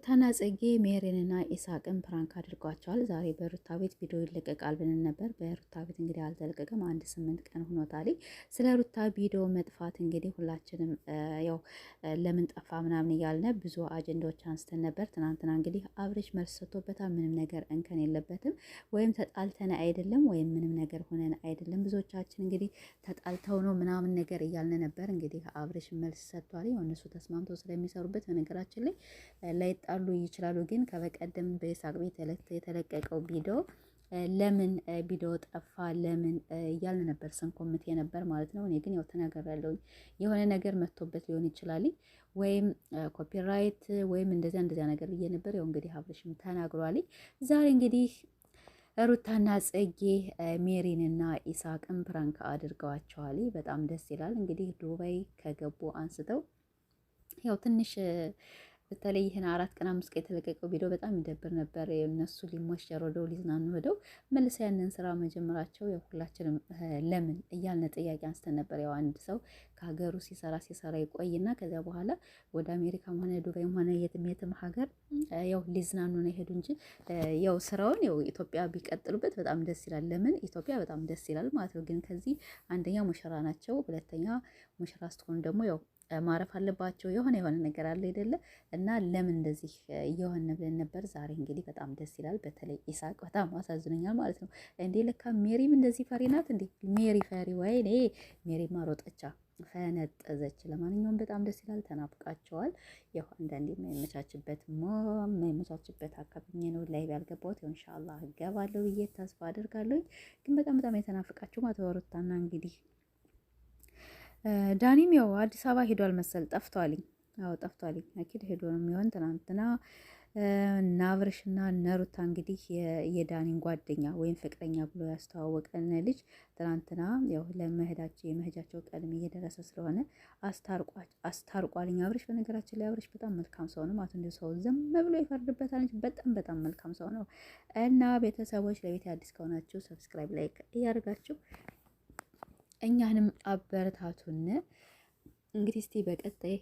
ሩታና ጽጌ ሜሪንና ኢሳቅን ፕራንክ አድርጓቸዋል። ዛሬ በሩታ ቤት ቪዲዮ ይለቀቃል ብለን ነበር። በሩታ ቤት እንግዲህ አልተለቀቀም፣ አንድ ስምንት ቀን ሆኖታል። ስለ ሩታ ቪዲዮ መጥፋት እንግዲህ ሁላችንም ያው ለምን ጠፋ ምናምን እያልነ ብዙ አጀንዳዎች አንስተን ነበር። ትናንትና እንግዲህ አብሬሽ መልስ ሰጥቶበታል። ምንም ነገር እንከን የለበትም። ወይም ተጣልተን አይደለም፣ ወይም ምንም ነገር ሆነን አይደለም። ብዙዎቻችን እንግዲህ ተጣልተው ነው ምናምን ነገር እያልነ ነበር። እንግዲህ አብሬሽ መልስ ሰጥቷል። እነሱ ተስማምተው ስለሚሰሩበት በነገራችን ላይ ላይ ሊጣሉ ይችላሉ። ግን ከበቀደም በይሳቅ ቤት የተለቀቀው ቪዲዮ ለምን ቪዲዮ ጠፋ ለምን እያልን ነበር ስንኮምቴ ነበር ማለት ነው። እኔ ግን ያው ተናግሬያለሁ። የሆነ ነገር መጥቶበት ሊሆን ይችላል ወይም ኮፒራይት ወይም እንደዚያ እንደዚያ ነገር ብዬ ነበር። ያው እንግዲህ ሀብርሽም ተናግሯል። ዛሬ እንግዲህ ሩታና ጽጌ ሜሪንና ኢሳቅን ፕራንክ አድርገዋቸዋል። በጣም ደስ ይላል። እንግዲህ ዱባይ ከገቡ አንስተው ያው ትንሽ በተለይ ይህን አራት ቀን አምስት ቀን የተለቀቀው ቪዲዮ በጣም ይደብር ነበር። እነሱ ሊሞሸር ወደው ሊዝናኑ ወደው መልሰ ያንን ስራ መጀመራቸው ሁላችንም ለምን እያልን ጥያቄ አንስተን ነበር። ያው አንድ ሰው ከሀገሩ ሲሰራ ሲሰራ ይቆይና ከዚያ በኋላ ወደ አሜሪካም ሆነ ዱባይም ሆነ የትም ሀገር ያው ሊዝናኑ ነው ይሄዱ እንጂ ያው ስራውን ያው ኢትዮጵያ ቢቀጥሉበት በጣም ደስ ይላል። ለምን ኢትዮጵያ በጣም ደስ ይላል ማለት ነው። ግን ከዚህ አንደኛ ሙሽራ ናቸው፣ ሁለተኛ ሙሽራ ስትሆኑ ደግሞ ያው ማረፍ አለባቸው። የሆነ የሆነ ነገር አለ አይደለ? እና ለምን እንደዚህ እየሆነ ብለን ነበር። ዛሬ እንግዲህ በጣም ደስ ይላል። በተለይ ኢሳቅ በጣም አሳዝኖኛል ማለት ነው። እንዴ ለካ ሜሪም እንደዚህ ፈሪ ናት እንዴ! ሜሪ ፈሪ ወይኔ! ሜሪ ሮጠቻ ፈነጠዘች። ለማንኛውም በጣም ደስ ይላል። ተናፍቃቸዋል። ያው አንዳንዴ የማይመቻችበት የማይመቻችበት አካባቢ ነው ላይ ያልገባሁት ያው ኢንሻላህ እገባለሁ ብዬ ተስፋ አደርጋለሁ። ግን በጣም በጣም የተናፍቃቸው ማተወሩታና እንግዲህ ዳኒም ያው አዲስ አበባ ሄዷል መሰል ጠፍቷልኝ። አዎ ጠፍቷልኝ። አኪድ ሄዶ ነው የሚሆን ትናንትና እና ነሩታ እንግዲህ የዳኒን ጓደኛ ወይም ፍቅረኛ ብሎ ያስተዋወቀን ልጅ ትናንትና ያው ለመሄዳቸው የመሄጃቸው ቀድም እየደረሰ ስለሆነ አስታርቋልኝ። አብርሽ በነገራችን ላይ አብርሽ በጣም መልካም ሰው ነው ማለት እንደ ሰው ዝም ብሎ ይፈርድበታል። በጣም በጣም መልካም ሰው ነው እና ቤተሰቦች ለቤት አዲስ ከሆናችሁ ሰብስክራይብ፣ ላይክ እያደርጋችሁ እኛንም አበረታቱን። እንግዲህ እስቲ በቀጣይ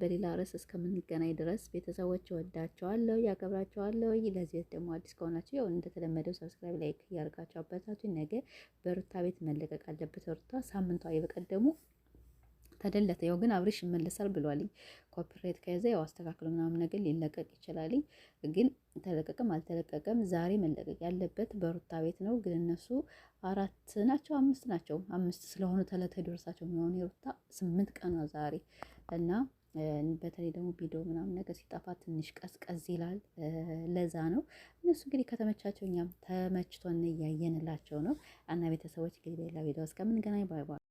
በሌላ ርዕስ እስከምንገናኝ ድረስ ቤተሰቦች ወዳቸዋለሁ፣ ያከብራቸዋለሁ። ለዚህ ቤት ደግሞ አዲስ ከሆናችሁ ያው እንደተለመደው ሰብስክራይብ፣ ላይክ እያደርጋችሁ አበረታቱኝ። ነገ በሩታ ቤት መለቀቅ አለበት። ሩታ ሳምንቷ የበቀደሙ ተደለተ። ያው ግን አብሬሽ ይመለሳል ብሏልኝ። ኮፒሬት ከያዘ ያው አስተካክሎ ምናምን ነገር ሊለቀቅ ይችላልኝ። ግን ተለቀቀም አልተለቀቀም ዛሬ መለቀቅ ያለበት በሩታ ቤት ነው። ግን እነሱ አራት ናቸው አምስት ናቸው አምስት ስለሆኑ ተለተ ደርሳቸው የሚሆኑ የሩታ ስምንት ቀኗ ዛሬ እና በተለይ ደግሞ ቪዲዮ ምናምን ነገር ሲጠፋ ትንሽ ቀዝቀዝ ይላል። ለዛ ነው እነሱ እንግዲህ ከተመቻቸው እኛም ተመችቶን እያየንላቸው ነው። እና ቤተሰቦች እንግዲህ ሌላ ቪዲዮ እስከምንገናኝ ባይ